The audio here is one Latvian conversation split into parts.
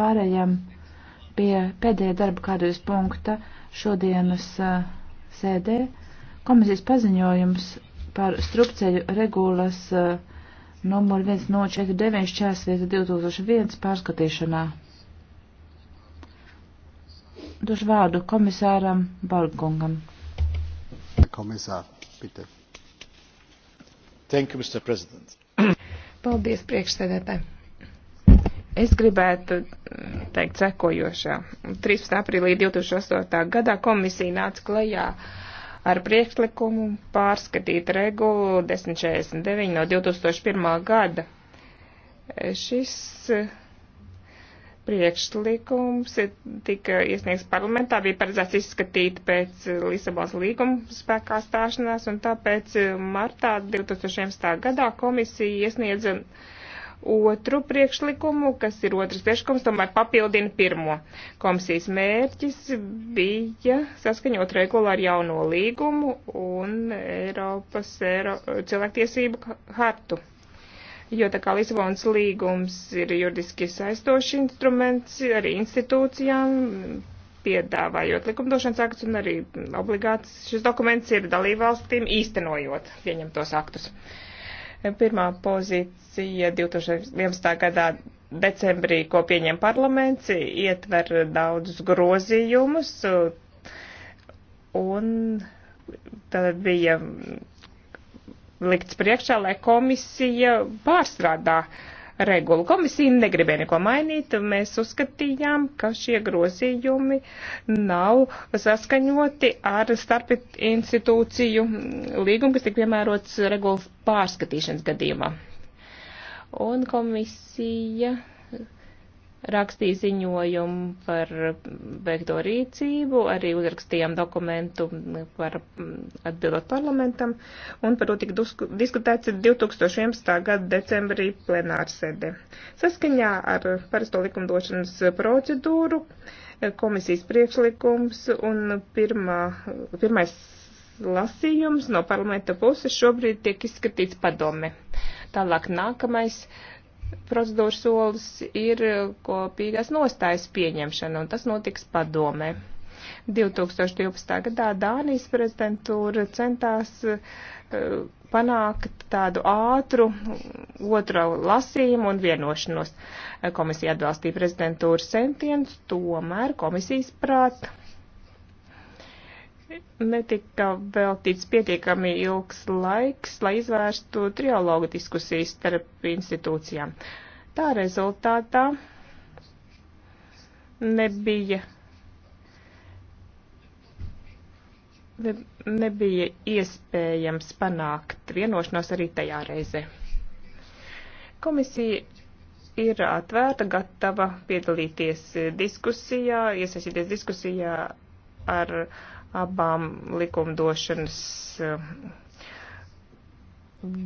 pārējām pie pēdējā darba kārtības punkta šodienas uh, sēdē. Komisijas paziņojums par strupceļu regulas uh, numuru 1049 čērsvieta 2001 pārskatīšanā. Došu vārdu komisāram Balgungam. Komisār, pite. Thank you, Mr. President. Paldies, priekšsēdētāji. Es gribētu mm, teikt sekojošā. 13. aprīlī 2008. gadā komisija nāca klajā ar priekšlikumu pārskatīt regulu 1049 no 2001. gada. Šis eh, priekšlikums tika iesniegts parlamentā, bija paredzēts izskatīt pēc eh, Lisabons līguma spēkā stāšanās, un tāpēc eh, martā 2011. gadā komisija iesniedza otru priekšlikumu, kas ir otrs priekšlikums, tomēr papildina pirmo. Komisijas mērķis bija saskaņot regulu ar jauno līgumu un Eiropas Eiro, cilvēktiesību hartu. Jo tā kā Lisabonas līgums ir juridiski saistošs instruments arī institūcijām, piedāvājot likumdošanas aktus un arī obligāts šis dokuments ir dalībvalstīm īstenojot pieņemtos aktus. Uh, Pirmā pozīcija 2011. gadā decembrī, ko pieņem parlaments, ietver daudzus grozījumus, un tad bija likts priekšā, lai komisija pārstrādā uh, regulu. Komisija negribēja neko mainīt, mēs uzskatījām, ka šie grozījumi nav saskaņoti ar starp institūciju līgumu, kas tik piemērots regulas pārskatīšanas gadījumā. Un komisija rakstīja ziņojumu par veikto rīcību, arī uzrakstījām dokumentu par mm, atbildot parlamentam, un par to tika diskutēts 2011. gada decembrī plenārsēdē. Saskaņā ar parasto likumdošanas procedūru eh, komisijas priekšlikums un pirmā, pirmais lasījums no parlamenta puses šobrīd tiek izskatīts padome. Tālāk nākamais procedūras solis ir kopīgās nostājas pieņemšana, un tas notiks padomē. 2012. gadā Dānijas prezidentūra centās eh, panākt tādu ātru otro lasījumu un vienošanos. Komisija atbalstīja prezidentūras centienus, tomēr komisijas prāt netika veltīts pietiekami ilgs laiks, lai izvērstu trialogu diskusijas starp institūcijām. Tā rezultātā nebija, ne, nebija iespējams panākt vienošanos arī tajā reizē. Komisija ir atvērta, gatava piedalīties diskusijā, iesaistīties diskusijā ar abām likumdošanas eh,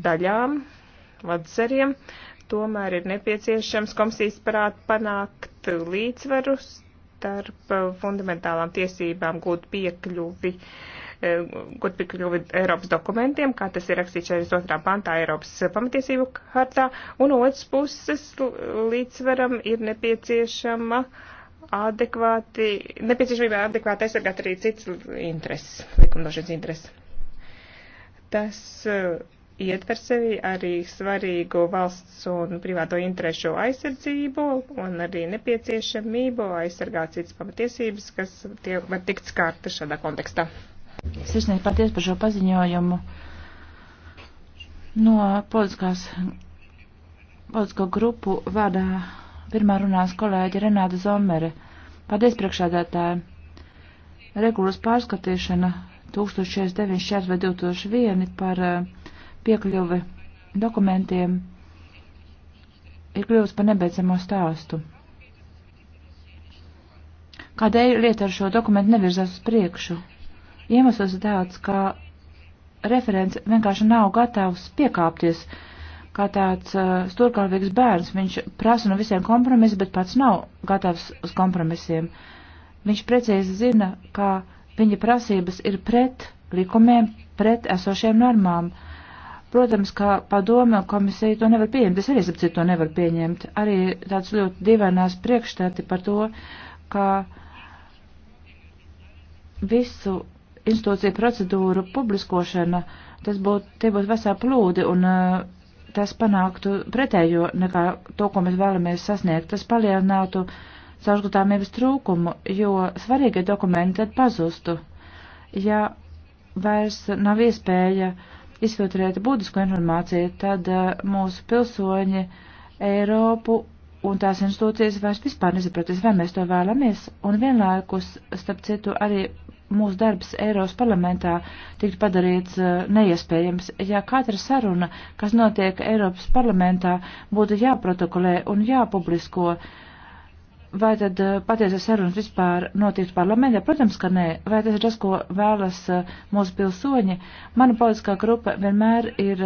daļām, atzariem. Tomēr ir nepieciešams komisijas parādu panākt līdzsvaru starp fundamentālām tiesībām gūt piekļuvi kur eh, piekļuvi Eiropas dokumentiem, kā tas ir rakstīts 42. pantā Eiropas pamatiesību hartā, un otrs puses līdzsvaram ir nepieciešama uh, adekvāti, nepieciešamībā adekvāti aizsargāt arī cits intereses, likumdošanas intereses. Tas uh, ietver sevi arī svarīgu valsts un privāto interešu aizsardzību un arī nepieciešamību aizsargāt citas pamatiesības, kas tie var tikt skārta šādā kontekstā. Sirsnīgi paties par šo paziņojumu no politiskās, politisko grupu vadā. Pirmā runās kolēģi Renāta Zomere. Paldies priekšādātājiem. Regulas pārskatīšana 1049 vai 2001 par eh, piekļuvi dokumentiem ir kļuvusi par nebeidzamo stāstu. Kādēļ lieta ar šo dokumentu nevirzās uz priekšu? Iemesls tāds, ka referents vienkārši nav gatavs piekāpties uh, kā tāds uh, stūrkalvīgs bērns. Viņš prasa no visiem kompromisu, bet pats nav gatavs uz kompromisiem. Viņš precīzi zina, ka viņa prasības ir pret likumiem, pret esošiem normām. Protams, ka padome komisija to nevar pieņemt, es arī sapcīt to nevar pieņemt. Arī tāds ļoti divainās priekšstati par to, ka visu institūciju procedūru publiskošana, tas būtu, tie būtu vesā plūdi un uh, tas panāktu pretējo nekā to, ko mēs vēlamies sasniegt. Tas palielinātu caurskatāmības trūkumu, jo svarīgie dokumenti tad pazustu. Ja vairs nav iespēja izfiltrēt būtisko informāciju, tad eh, mūsu pilsoņi Eiropu un tās institūcijas vairs vispār nezapratīs, vai mēs to vēlamies, un vienlaikus, starp citu, arī mūsu darbs Eiros parlamentā tiktu padarīts eh, neiespējams, ja katra saruna, kas notiek Eiropas parlamentā, būtu jāprotokolē un jāpublisko. Vai tad eh, patiesas sarunas vispār notiek parlamentā? Protams, ka nē. Vai tas ir tas, ko vēlas eh, mūsu pilsoņi? Mana politiskā grupa vienmēr ir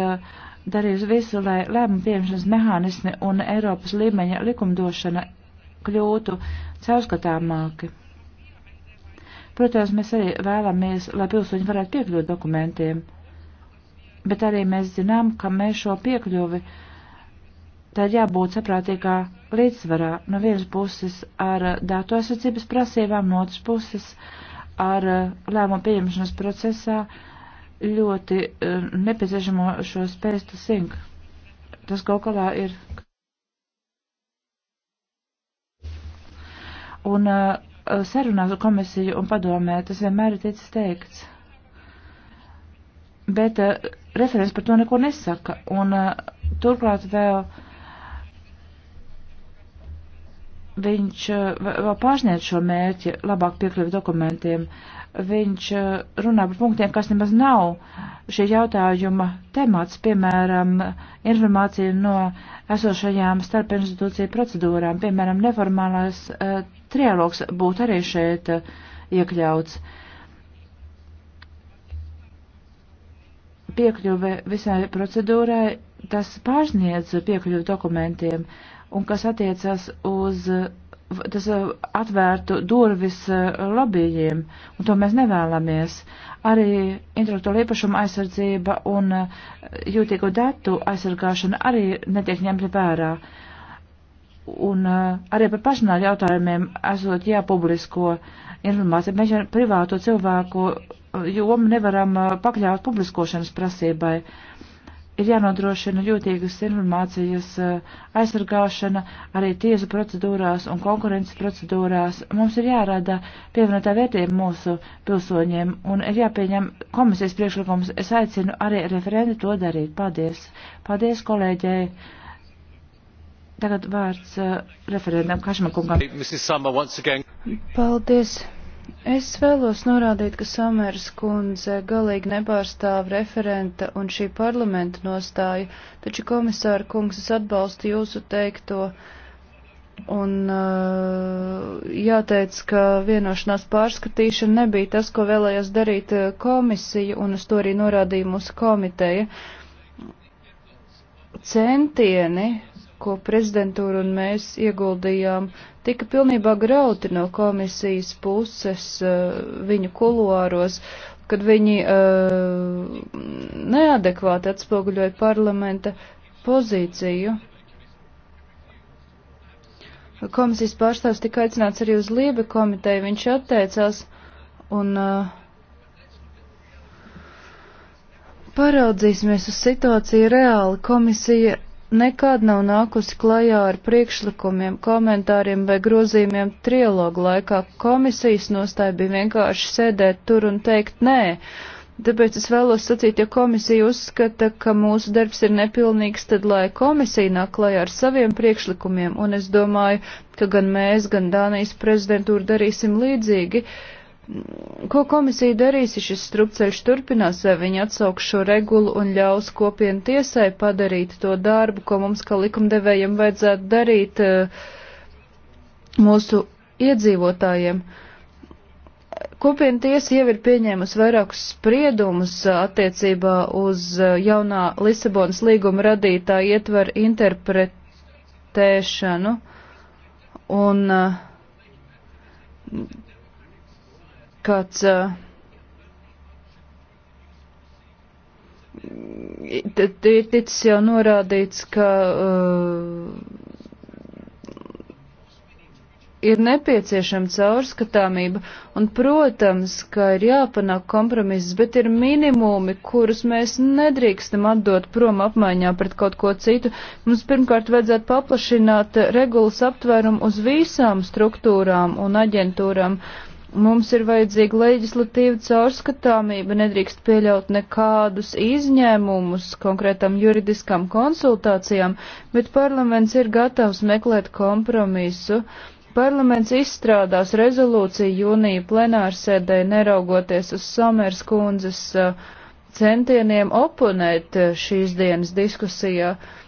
darījusi visu, lai lēmumu pieņemšanas mehānismi un Eiropas līmeņa likumdošana kļūtu caurskatāmāki. Protams, mēs arī vēlamies, lai pilsoņi varētu piekļūt dokumentiem, bet arī mēs zinām, ka mēs šo piekļuvi tā ir jābūt saprātīgā līdzsvarā no vienas puses ar datu aizsardzības prasībām, no otras puses ar uh, lēmumu pieņemšanas procesā ļoti uh, nepieciešamo šo spēju to sink. Tas kaut kādā ir. Un uh, sarunās ar komisiju un padomē, tas vienmēr ir ticis teikts. Bet uh, referents par to neko nesaka. Un uh, turklāt vēl. Uh, viņš eh, vēl pārsniedz šo mērķi, labāk piekļuvi dokumentiem. Viņš eh, runā par punktiem, kas nemaz nav šī jautājuma temats, piemēram, informācija no esošajām starpinstitūciju procedūrām, piemēram, neformālās uh, trialogs būtu arī šeit uh, iekļauts. Piekļuve visai procedūrai, tas pārsniedz piekļuvi dokumentiem. Uh, un kas attiecas uz tas uh, atvērtu durvis uh, lobbyjiem, un to mēs nevēlamies. Arī intelektuāla īpašuma aizsardzība un uh, jūtīgo datu aizsargāšana arī netiek ņemta vērā. Un arī par pašnāvu jautājumiem esot jāpublisko informācija. Mēs jau privāto cilvēku jomu nevaram pakļaut publiskošanas prasībai. Uh, ir jānodrošina jūtīgas informācijas eh, aizsargāšana arī tiesu procedūrās un konkurences procedūrās. Mums ir jārada pievienotā vērtība mūsu pilsoņiem un ir jāpieņem komisijas priekšlikums. Es aicinu arī referenti to darīt. Paldies. Paldies kolēģei. Tagad vārds eh, referendam Kašmakungam. Paldies. Es vēlos norādīt, ka Samers kundze galīgi nepārstāv referenta un šī parlamenta nostāju, taču komisāra kungs es atbalstu jūsu teikto. Un uh, jāteic, ka vienošanās pārskatīšana nebija tas, ko vēlējās darīt uh, komisija, un uz to arī norādīja mūsu komiteja. Centieni, ko prezidentūra un mēs ieguldījām uh, tika pilnībā grauti no komisijas puses eh, viņu kuluāros, kad viņi eh, neadekvāti atspoguļoja parlamenta pozīciju. Komisijas pārstāvs tika aicināts arī uz Liebe komiteju, viņš atteicās un uh, Paraudzīsimies uz situāciju reāli. Komisija nekad nav nākusi klajā ar priekšlikumiem, komentāriem vai grozījumiem trilogu laikā. Komisijas nostāja bija vienkārši sēdēt tur un teikt nē. Tāpēc es vēlos sacīt, ja komisija uzskata, ka mūsu darbs ir nepilnīgs, tad lai komisija nāk klajā ar saviem priekšlikumiem, un es domāju, ka gan mēs, gan Dānijas prezidentūra darīsim līdzīgi. Uh, Ko komisija darīs, ja šis strupceļš turpinās, vai viņi atsauks šo regulu un ļaus kopienu tiesai padarīt to darbu, ko mums kā likumdevējiem vajadzētu darīt eh, mūsu iedzīvotājiem? Kopiena tiesa jau ir pieņēmusi vairākus spriedumus eh, attiecībā uz eh, jaunā Lisabonas līguma radītā ietver interpretēšanu, un kāds uh, eh, ir ticis jau norādīts, ka uh, ir nepieciešama caurskatāmība, un, protams, ka ir jāpanāk kompromiss, bet ir minimumi, kurus mēs nedrīkstam atdot prom apmaiņā pret kaut ko citu. Mums pirmkārt vajadzētu paplašināt regulas aptvērumu uz visām struktūrām un aģentūrām. Uh, Mums ir vajadzīga leģislatīva caurskatāmība, nedrīkst pieļaut nekādus izņēmumus konkrētam juridiskam konsultācijām, bet parlaments ir gatavs meklēt kompromisu. Parlaments izstrādās rezolūciju jūnija plenārsēdē, neraugoties uz Samers kundzes uh, centieniem oponēt uh, šīs dienas diskusijā. Uh,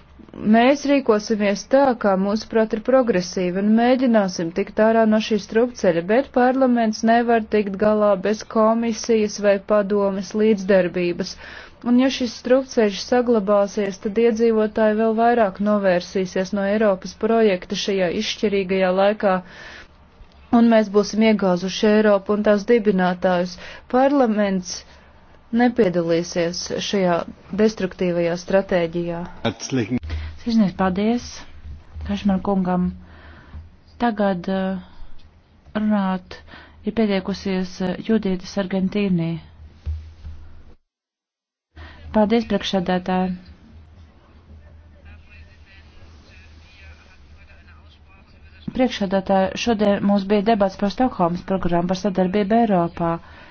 mēs rīkosimies tā, kā mūsuprāt ir progresīvi un mēģināsim tikt ārā no šī strupceļa, bet parlaments nevar tikt galā bez komisijas vai padomes līdzdarbības. Un ja šis strupceļš saglabāsies, tad iedzīvotāji vēl vairāk novērsīsies no Eiropas projekta šajā izšķirīgajā laikā. Un mēs būsim iegāzuši Eiropu un tās dibinātājus. Parlaments nepiedalīsies šajā destruktīvajā stratēģijā. Sirsnīgs paldies Kašmar kungam. Tagad eh, runāt ir pieteikusies eh, Judītas Argentīnī. Paldies, priekšsēdētāji! Priekšsēdētāji, šodien mums bija debats par Stokholmas programmu par sadarbību Eiropā. Uh,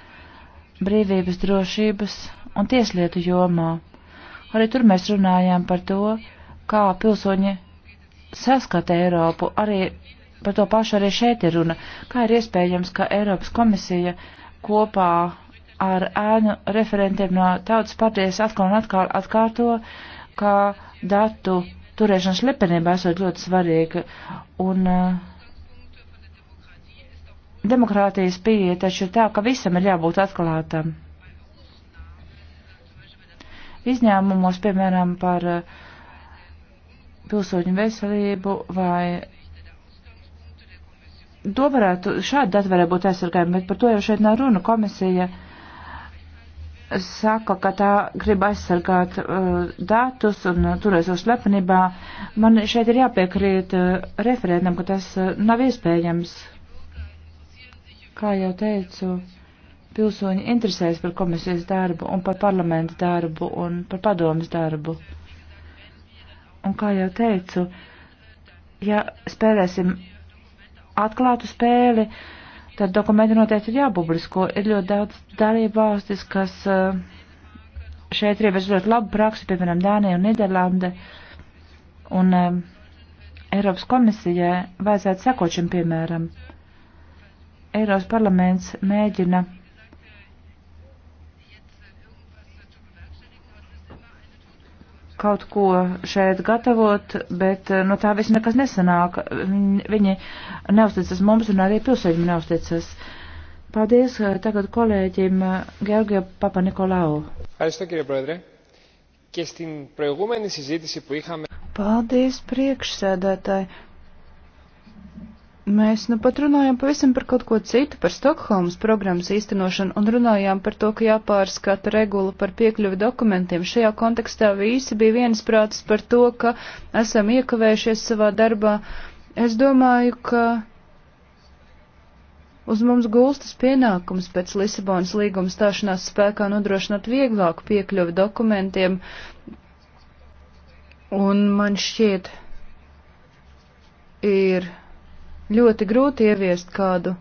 brīvības, drošības un tieslietu jomā. Arī tur mēs runājām par to, kā pilsoņi saskata Eiropu. Arī par to pašu arī šeit ir runa. Kā ir iespējams, ka Eiropas komisija kopā ar ēnu referentiem no tautas partijas atkal un atkal atkārto, ka datu turēšana slepenībā esot ļoti svarīga. Un, uh, Demokrātijas pieeja taču ir tā, ka visam ir jābūt atklātam. Izņēmumos, piemēram, par eh, pilsoņu veselību vai. To varētu, šādi dati varētu būt aizsargājumi, bet par to jau šeit nav runa. Komisija saka, ka tā grib aizsargāt uh, datus un uh, turēs uz slepenībā. Man šeit ir jāpiekrīt uh, eh, referētam, ka tas uh, nav iespējams. Kā jau teicu, pilsoņi interesēs par komisijas darbu un par parlamentu darbu un par padomas darbu. Un kā jau teicu, ja spēlēsim atklātu spēli, tad dokumenti noteikti ir jāpublisko. Ir ļoti daudz darību valstis, kas eh, šeit riebēs ļoti labu praksi, piemēram, Dānija un Nīderlande. Un eh, Eiropas komisijai vajadzētu sekot šim piemēram. Eiropas parlaments mēģina kaut ko šeit gatavot, bet eh, no tā viss nekas nesanāk. Viņi neusticas mums un arī pilsēņi neusticas. Paldies eh, tagad kolēģim Georgija Papa Nikolau. Paldies priekšsēdētāji. Mēs nu pat runājam pavisam par kaut ko citu, par Stokholmas programmas īstenošanu un runājām par to, ka jāpārskata regula par piekļuvi dokumentiem. Šajā kontekstā visi bija viensprātis par to, ka esam iekavējušies savā darbā. Es domāju, ka uz mums gulstas pienākums pēc Lisabonas līguma stāšanās spēkā nodrošināt vieglāku piekļuvi dokumentiem. Un man šķiet, ir ļoti grūti ieviest kādu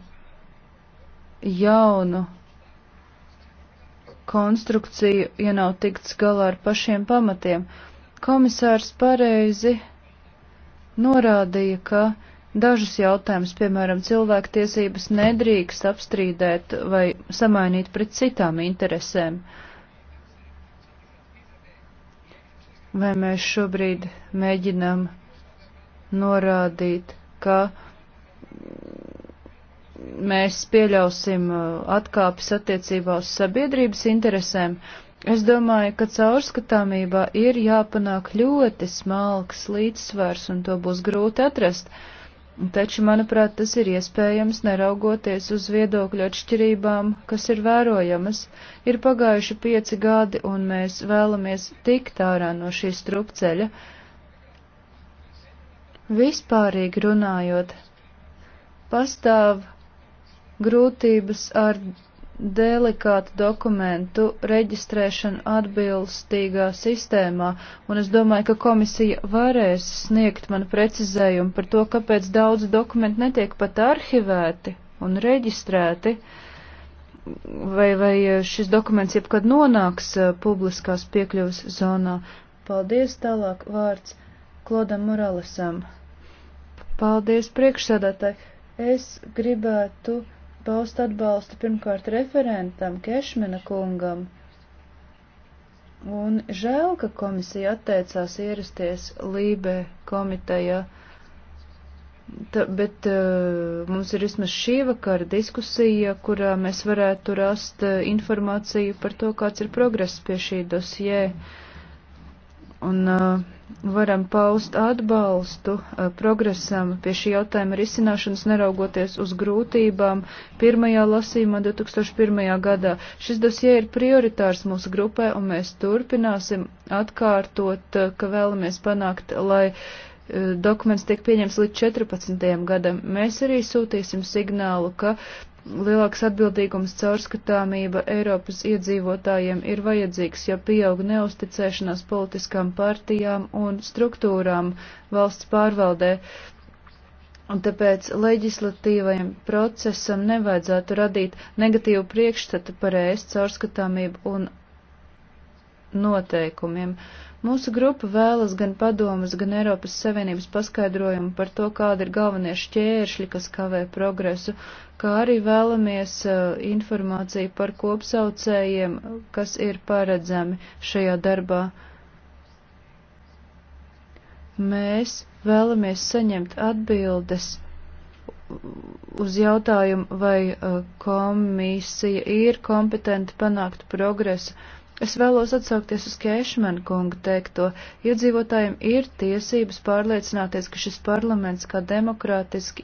jaunu konstrukciju, ja nav tikts galā ar pašiem pamatiem. Komisārs pareizi norādīja, ka dažus jautājumus, piemēram, cilvēktiesības nedrīkst apstrīdēt vai samainīt pret citām interesēm. Vai mēs šobrīd mēģinām norādīt, ka mēs pieļausim uh, atkāpes attiecībā uz sabiedrības interesēm, es domāju, ka caurskatāmībā ir jāpanāk ļoti smalks līdzsvars un to būs grūti atrast. Taču, manuprāt, tas ir iespējams neraugoties uz viedokļu atšķirībām, kas ir vērojamas. Ir pagājuši pieci gadi, un mēs vēlamies tikt ārā no šī strupceļa. Vispārīgi runājot, pastāv grūtības ar delikātu dokumentu reģistrēšanu atbilstīgā sistēmā, un es domāju, ka komisija varēs sniegt man precizējumu par to, kāpēc daudz dokumentu netiek pat arhivēti un reģistrēti, vai, vai šis dokuments jebkad nonāks eh, publiskās piekļuvas zonā. Paldies, tālāk vārds Klodam Moralesam. Paldies, priekšsēdētāji. Es gribētu paust atbalstu pirmkārt referentam Kešmena kungam. Un žēl, ka komisija atteicās ierasties Lībe komiteja, Ta, bet uh, mums ir vismaz šī vakara diskusija, kurā mēs varētu rast uh, informāciju par to, kāds ir progress pie šī dosjē. Mm un uh, varam paust atbalstu uh, progresam pie šī jautājuma risināšanas, neraugoties uz grūtībām. Pirmajā lasījumā 2001. gadā šis dosie ir prioritārs mūsu grupai, un mēs turpināsim atkārtot, uh, ka vēlamies panākt, lai uh, dokuments tiek pieņems līdz 14. gadam. Mēs arī sūtīsim signālu, ka Lielāks atbildīgums caurskatāmība Eiropas iedzīvotājiem ir vajadzīgs, ja pieaug neusticēšanās politiskām partijām un struktūrām valsts pārvaldē, un tāpēc leģislatīvajam procesam nevajadzētu radīt negatīvu priekšstatu par ēst caurskatāmību un noteikumiem. Uh, Mūsu grupa vēlas gan padomas, gan Eiropas Savienības paskaidrojumu par to, kāda ir galvenie šķēršļi, kas kavē progresu, kā arī vēlamies uh, informāciju par kopsaucējiem, kas ir paredzami šajā darbā. Mēs vēlamies saņemt atbildes uz jautājumu, vai uh, komisija ir kompetenta panākt progresu Es vēlos atsaukties uz Kēšmena kunga teikto. Iedzīvotājiem ir tiesības pārliecināties, ka šis parlaments kā demokrātiski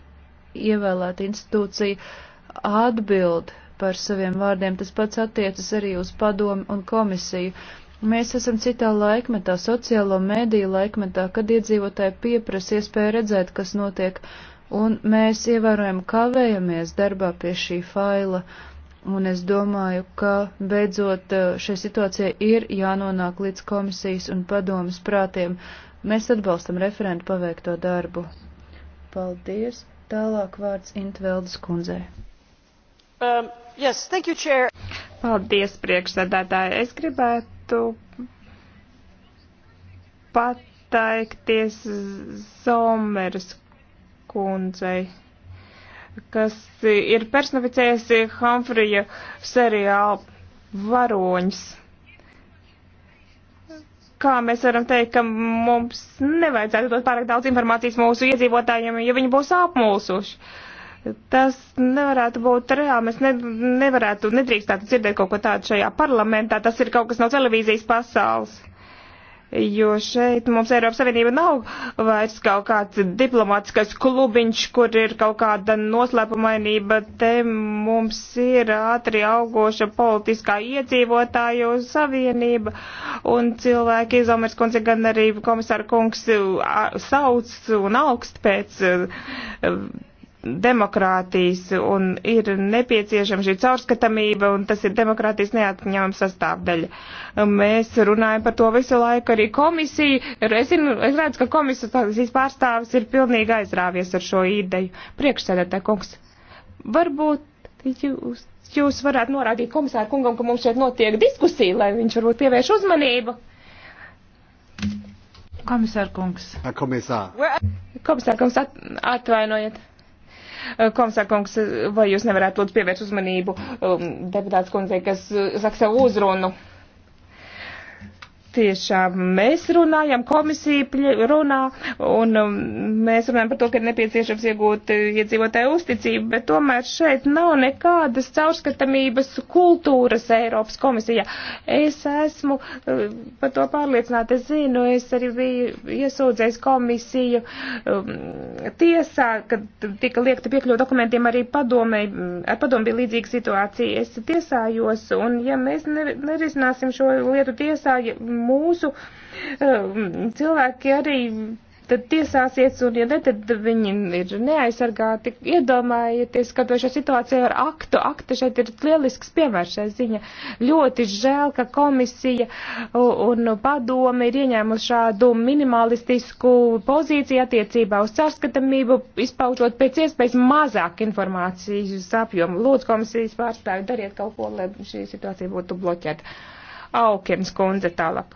ievēlēta institūcija atbild par saviem vārdiem. Tas pats attiecas arī uz padomu un komisiju. Mēs esam citā laikmetā, sociālo mēdīju laikmetā, kad iedzīvotāji pieprasa iespēju redzēt, kas notiek, un mēs ievērojam kavējamies darbā pie šī faila. Uh, un es domāju, ka beidzot eh, šai situācijai ir jānonāk līdz komisijas un padomas prātiem. Mēs atbalstam referentu paveikto darbu. Paldies. Tālāk vārds Intveldes kundzei. Um, yes, thank you, chair. Paldies, priekšsēdētāji. Es gribētu pateikties Zomeras kundzei kas ir personificējusi Humfrija seriāla varoņus. Kā mēs varam teikt, ka mums nevajadzētu dot pārāk daudz informācijas mūsu iedzīvotājiem, ja viņi būs apmulsuši? Tas nevarētu būt reāli. Mēs ne, nevarētu, nedrīkstētu dzirdēt kaut ko tādu šajā parlamentā. Tas ir kaut kas no televīzijas pasaules jo šeit mums Eiropas Savienība nav vairs kaut kāds diplomātiskais klubiņš, kur ir kaut kāda noslēpumainība. Te mums ir ātri augoša politiskā iedzīvotāju savienība, un cilvēki izomers kundze gan arī komisāra kungs sauc un augst pēc demokrātijas un ir nepieciešama šī caurskatamība un tas ir demokrātijas neatņemama sastāvdaļa. Mēs runājam par to visu laiku arī komisiju. Es, zinu, es redzu, ka komisijas pārstāvis ir pilnīgi aizrāvies ar šo ideju. Priekšsēdētāj kungs, varbūt jūs, jūs varētu norādīt komisāru kungam, ka mums šeit notiek diskusija, lai viņš varbūt pievērš uzmanību. Komisār kungs. Komisār. Komisār kungs, at, atvainojiet. Eh, Komisārkungs, vai jūs nevarētu lūdzu pievērst uzmanību um, deputāts kundzei, kas eh, saka savu uzrunu? tiešām mēs runājam, komisija runā, un um, mēs runājam par to, ka ir nepieciešams iegūt eh, iedzīvotāju uzticību, bet tomēr šeit nav nekādas caurskatamības kultūras Eiropas komisijā. Es esmu eh, par to pārliecināta, es zinu, es arī biju iesūdzējis komisiju um, tiesā, kad tika liekta piekļuva dokumentiem arī padomē, mm, ar padomu bija līdzīga situācija. Es tiesājos, un ja mēs nerisināsim šo lietu tiesā, ja mūsu eh, cilvēki arī tad tiesāsies, un ja ne, tad viņi ir neaizsargāti. Iedomājieties, ka šajā situācijā ar aktu, akta šeit ir lielisks piemērs šai ziņa. Ļoti žēl, ka komisija un padome ir ieņēmuši šādu minimalistisku pozīciju attiecībā uz cārskatamību, izpaužot pēc iespējas mazāk informācijas apjomu. Lūdzu, komisijas pārstāvi, dariet kaut ko, lai šī situācija būtu bloķēta. Aukens kundze tālāk.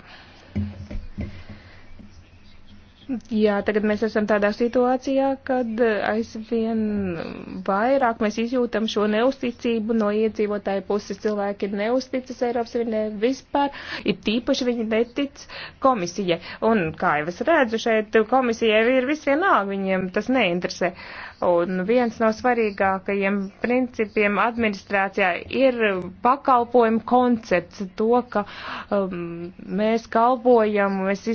Jā, tagad mēs esam tādā situācijā, kad aizvien vairāk mēs izjūtam šo neusticību no iedzīvotāju puses. Cilvēki neusticas Eiropas Savienībai vispār, ir tīpaši viņi netic komisijai. Un, kā jau es redzu, šeit komisijai ir visvienā, viņiem tas neinteresē. Uh, Un viens no svarīgākajiem principiem administrācijā ir pakalpojumu koncepts, to, ka um, mēs kalpojam, mēs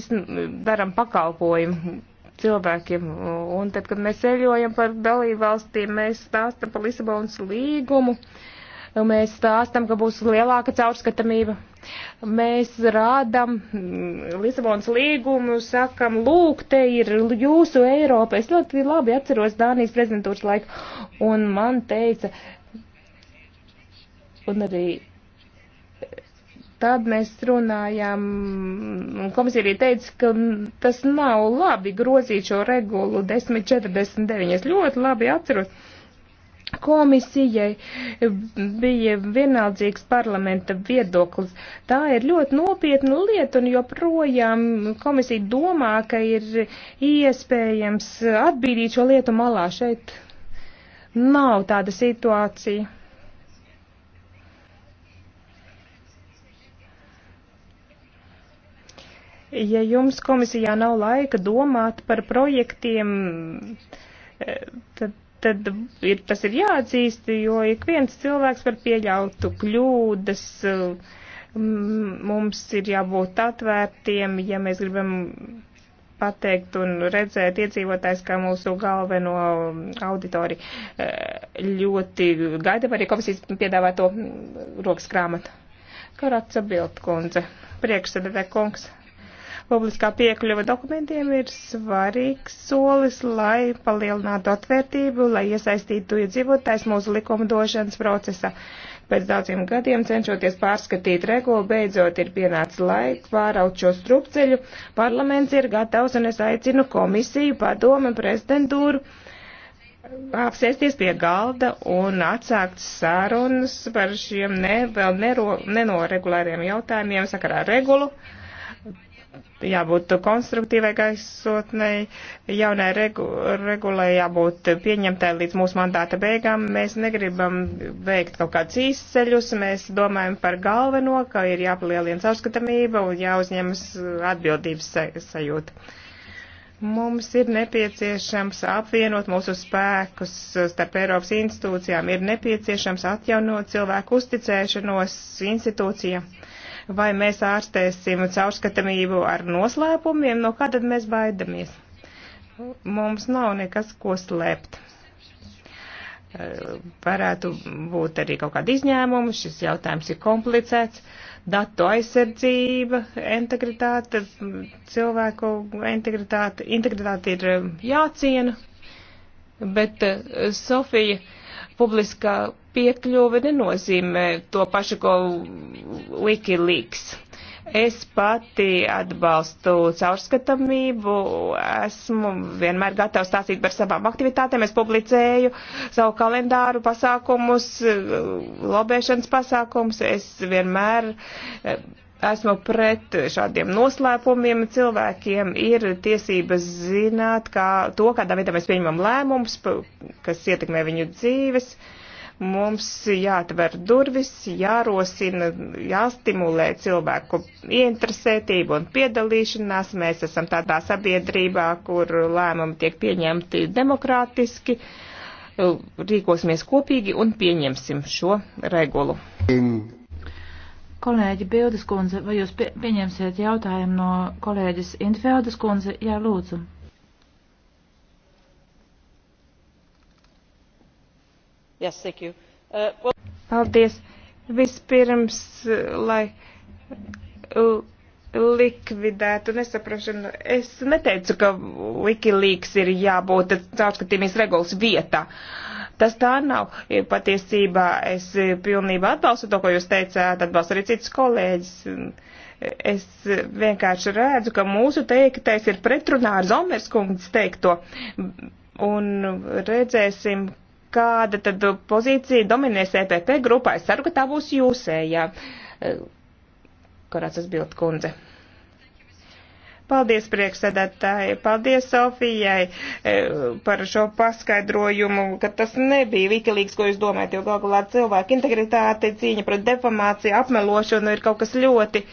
darām pakalpojumu cilvēkiem. Un tad, kad mēs ceļojam par dalībvalstīm, mēs stāstam par Lisabonas līgumu. Uh, Mēs stāstam, ka būs lielāka caurskatamība. Mēs rādam mm, Lisabonas līgumu, sakam, lūk, te ir jūsu Eiropa. Es ļoti labi atceros Dānijas prezidentūras laiku, un man teica, un arī tad mēs runājām, un komisija arī teica, ka tas nav labi grozīt šo regulu 1049. Es ļoti labi atceros. Komisijai bija vienaldzīgs parlamenta viedoklis. Tā ir ļoti nopietna lieta, un joprojām komisija domā, ka ir iespējams atbīdīt šo lietu malā. Šeit nav tāda situācija. Ja jums komisijā nav laika domāt par projektiem, tad tad ir, tas ir jāatzīst, jo ik viens cilvēks var pieļautu kļūdas. Mums ir jābūt atvērtiem, ja mēs gribam pateikt un redzēt iedzīvotājs kā mūsu galveno auditoriju. Eh, ļoti gaidam arī komisijas piedāvāto rokas grāmatu. Karats Abilt kundze, priekšsēdētāj kungs publiskā piekļuva dokumentiem ir svarīgs solis, lai palielinātu atvērtību, lai iesaistītu iedzīvotājs mūsu likumdošanas procesā. Pēc daudziem gadiem cenšoties pārskatīt regulu, beidzot ir pienācis laiks pāraut šo strupceļu. Parlaments ir gatavs un es aicinu komisiju, padomi, prezidentūru apsēsties pie galda un atsākt sarunas par šiem ne, vēl nero, nenoregulāriem jautājumiem sakarā regulu. Uh, jābūt konstruktīvai gaisotnei, jaunai regu, regulai jābūt pieņemtai līdz mūsu mandāta beigām. Mēs negribam veikt kaut kādus īsceļus, mēs domājam par galveno, ka ir jāpalielina caurskatamība un jāuzņemas atbildības sajūta. Mums ir nepieciešams apvienot mūsu spēkus starp Eiropas institūcijām, ir nepieciešams atjaunot cilvēku uzticēšanos institūcijām vai mēs ārstēsim caurskatamību ar noslēpumiem, no kā tad mēs baidamies? Mums nav nekas, ko slēpt. Varētu būt arī kaut kāda izņēmuma, šis jautājums ir komplicēts. Datu aizsardzība, integritāte, cilvēku integritāte, integritāte ir eh, jāciena, bet eh, Sofija publiskā piekļuve nenozīmē to pašu, ko Wikileaks. Es pati atbalstu caurskatamību, esmu vienmēr gatava stāstīt par savām aktivitātēm, es publicēju savu kalendāru pasākumus, lobēšanas pasākumus, es vienmēr eh, esmu pret šādiem noslēpumiem, cilvēkiem ir tiesības zināt, kā to, kādā veidā mēs pieņemam lēmumus, kas ietekmē viņu dzīves. Uh, Mums jāatver durvis, jārosina, jāstimulē cilvēku ieinteresētību un piedalīšanās. Mēs esam tādā sabiedrībā, kur lēmumi tiek pieņemti demokrātiski. Rīkosimies kopīgi un pieņemsim šo regulu. Kolēģi Bildes kundze, vai jūs pie, pieņemsiet jautājumu no kolēģis Intfeldes kundze? Jā, lūdzu. Yes, uh, well... Paldies. Vispirms, uh, lai uh, likvidētu nesaprašanu, es neteicu, ka Wikileaks ir jābūt caurskatāmies regulas vietā. Tas tā nav. Patiesībā es pilnībā atbalstu to, ko jūs teicāt, atbalstu arī citus kolēģis. Es vienkārši redzu, ka mūsu teiktais ir pretrunā ar Zomerskungas teikto. Un redzēsim, kāda tad pozīcija dominēs EPP grupā. Es ceru, ka tā būs jūsējā. E, Korācas Bilt kundze. Paldies priekšsēdētāji, paldies Sofijai e, par šo paskaidrojumu, ka tas nebija vikilīgs, ko jūs domājat, jo galu galā cilvēka integritāte, cīņa pret defamāciju, apmelošanu ir kaut kas ļoti e,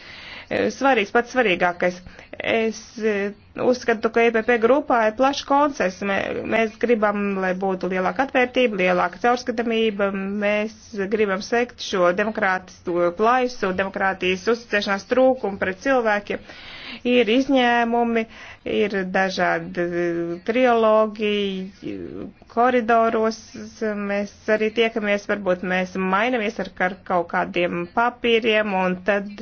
svarīgs, pats svarīgākais. Es e, uzskatu, ka EPP grupā ir plašs konsens. Mēs gribam, lai būtu lielāka atvērtība, lielāka caurskatamība. Mēs gribam sekt šo demokrātisku plaisu, demokrātijas uzticēšanās trūkumu pret cilvēkiem. Ir izņēmumi, ir dažādi e, trilogi, koridoros mēs arī tiekamies, varbūt mēs mainamies ar kaut kādiem papīriem un tad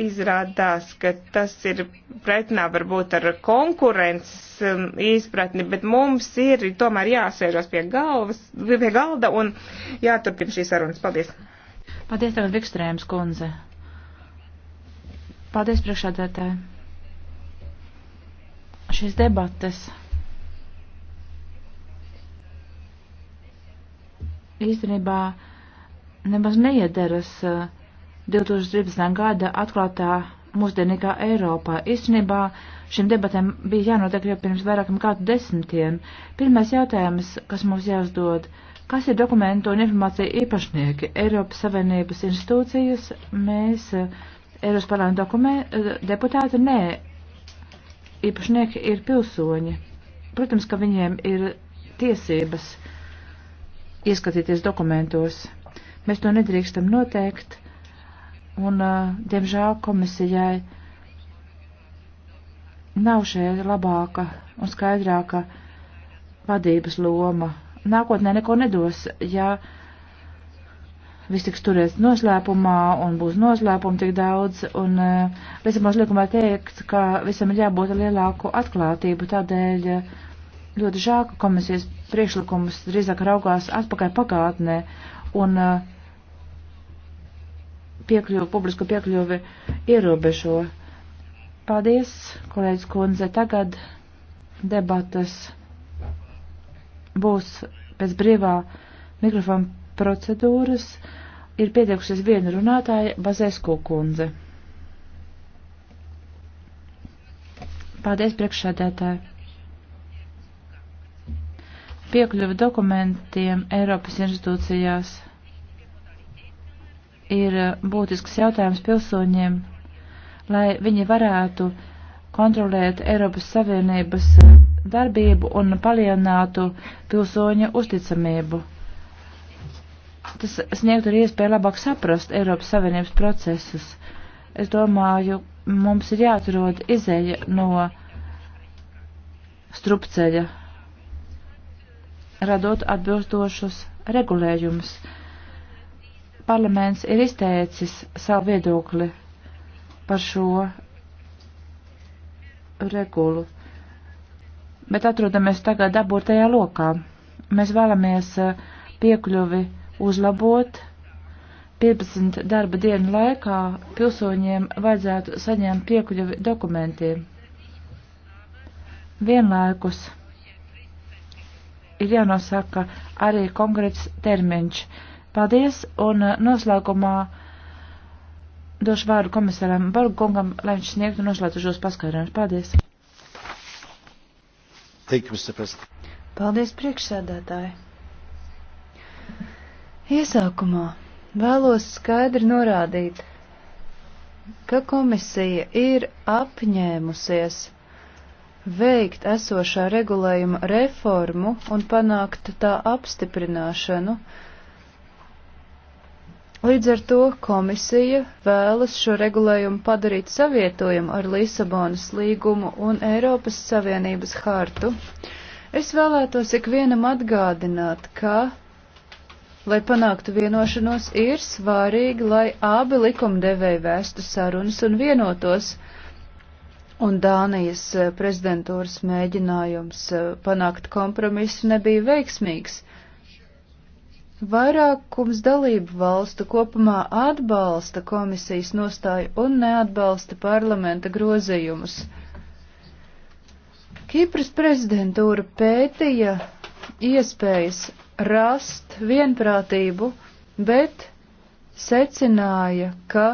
izrādās, ka tas ir pretnā varbūt ar konkurences um, izpratni, bet mums ir tomēr jāsēžas pie galvas, pie galda un jāturpina šīs sarunas. Paldies! Paldies, tagad Vikstrēms kundze. Paldies, priekšādētāji. Šīs debates īstenībā nemaz neiederas uh, 2020. gada atklātā mūsdienīgā Eiropā. Īstenībā šim debatēm bija jānotiek jau pirms vairākiem kādu desmitiem. Pirmais jautājums, kas mums jāuzdod, kas ir dokumentu un informācija īpašnieki? Eiropas Savienības institūcijas, mēs, Eiropas parlamenta deputāti, nē, īpašnieki ir pilsoņi. Protams, ka viņiem ir tiesības ieskatīties dokumentos. Mēs to nedrīkstam noteikt un, diemžēl, komisijai nav šeit labāka un skaidrāka vadības loma. Nākotnē neko nedos, ja viss tiks turēts noslēpumā un būs noslēpuma tik daudz. Un uh, Lisabons likumā teikts, ka visam ir jābūt lielāku atklātību, tādēļ ļoti žēl, ka komisijas priekšlikums drīzāk raugās atpakaļ pagātnē un uh, piekļuvu, publisku piekļuvi ierobežo. Paldies, kolēģis kundze. Tagad debatas būs pēc brīvā mikrofona procedūras. Ir pieteikusies viena runātāja, Bazēsku kundze. Paldies, priekšsēdētāji. Piekļuva dokumentiem Eiropas institūcijās ir eh, būtisks jautājums pilsoņiem, lai viņi varētu kontrolēt Eiropas Savienības eh, darbību un palielinātu pilsoņu uzticamību. Tas sniegtu arī iespēju labāk saprast Eiropas Savienības procesus. Es domāju, mums ir jāatrod izēja no strupceļa, radot atbilstošus regulējumus parlaments ir izteicis savu viedokli par šo regulu, bet atrodamies tagad dabūtajā lokā. Mēs vēlamies eh, piekļuvi uzlabot. 15 darba dienu laikā pilsoņiem vajadzētu saņemt piekļuvi dokumentiem. Vienlaikus ir jānosaka arī konkrēts termiņš Paldies, un uh, noslēgumā došu vārdu komisaram Barugungam, lai viņš sniegtu noslēdzošos paskaidrojumus. Paldies! Thank you, Mr. President. Paldies, priekšsēdētāji! Iesākumā vēlos skaidri norādīt, ka komisija ir apņēmusies veikt esošā regulējuma reformu un panākt tā apstiprināšanu, uh, Līdz ar to komisija vēlas šo regulējumu padarīt savietojumu ar Lisabonas līgumu un Eiropas Savienības hartu. Es vēlētos ikvienam atgādināt, ka, lai panāktu vienošanos, ir svarīgi, lai abi likumdevēji vēstu sarunas un vienotos, un Dānijas eh, prezidentūras mēģinājums eh, panākt kompromisu nebija veiksmīgs. Vairākums dalību valstu kopumā atbalsta komisijas nostāju un neatbalsta parlamenta grozījumus. Kipras prezidentūra pētīja iespējas rast vienprātību, bet secināja, ka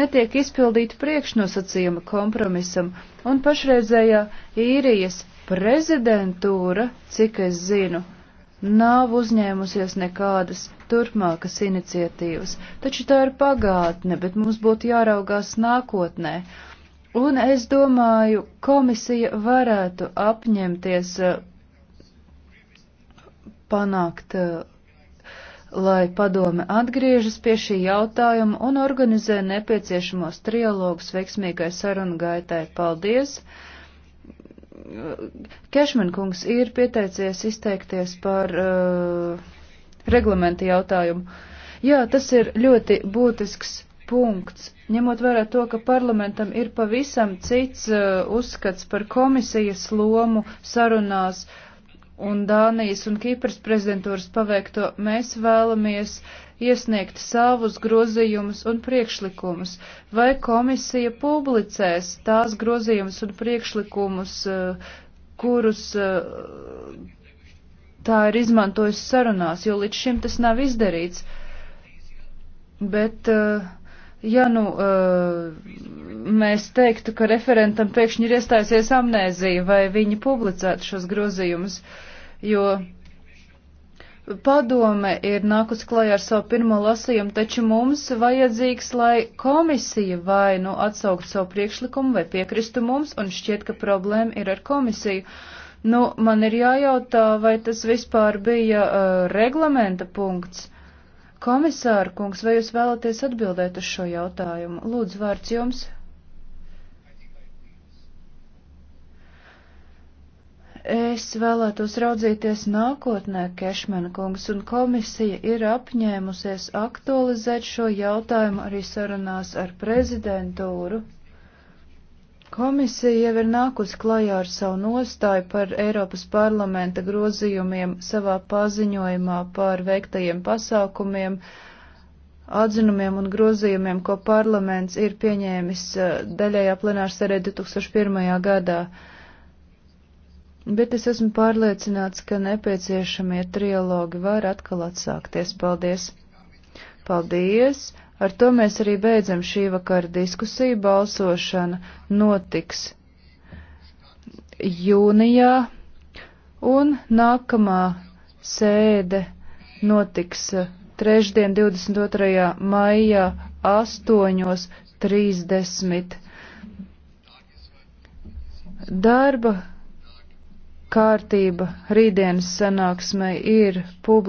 netiek izpildīta priekšnosacījuma kompromisam, un pašreizējā īrijas prezidentūra, cik es zinu, nav uzņēmusies nekādas turpmākas iniciatīvas. Taču tā ir pagātne, bet mums būtu jāraugās nākotnē. Un es domāju, komisija varētu apņemties eh, panākt, eh, lai padome atgriežas pie šī jautājuma un organizē nepieciešamos trialogus veiksmīgai sarunu gaitai. Paldies! Kešman kungs ir pieteicies izteikties par uh, reglamenta jautājumu. Jā, tas ir ļoti būtisks punkts, ņemot vērā to, ka parlamentam ir pavisam cits uh, uzskats par komisijas lomu sarunās un Dānijas un Kīpras prezidentūras paveikto, mēs vēlamies iesniegt savus grozījumus un priekšlikumus, vai komisija publicēs tās grozījumus un priekšlikumus, eh, kurus eh, tā ir izmantojusi sarunās, jo līdz šim tas nav izdarīts. Bet uh, ja nu eh, mēs teiktu, ka referentam pēkšņi ir iestājusies amnēzija vai viņi publicētu šos grozījumus, jo padome ir nākus klajā ar savu pirmo lasījumu, taču mums vajadzīgs, lai komisija vai nu atsaukt savu priekšlikumu vai piekristu mums, un šķiet, ka problēma ir ar komisiju. Nu, man ir jājautā, vai tas vispār bija uh, reglamenta punkts. Komisāra kungs, vai jūs vēlaties atbildēt uz šo jautājumu? Lūdzu, vārds jums. Es vēlētos raudzīties nākotnē, Kešmena kungs, un komisija ir apņēmusies aktualizēt šo jautājumu arī sarunās ar prezidentūru. Komisija jau ir nākusi klajā ar savu nostāju par Eiropas parlamenta grozījumiem savā paziņojumā par veiktajiem pasākumiem, atzinumiem un grozījumiem, ko parlaments ir pieņēmis eh, daļējā plenārsarē 2001. gadā. Bet es esmu pārliecināts, ka nepieciešamie trialogi var atkal atsākties. Paldies! Paldies! Ar to mēs arī beidzam šī vakara diskusiju. Balsošana notiks jūnijā, un nākamā sēde notiks eh, trešdien 22. maijā 8.30. Darba kārtība rītdienas sanāksmei ir publiska.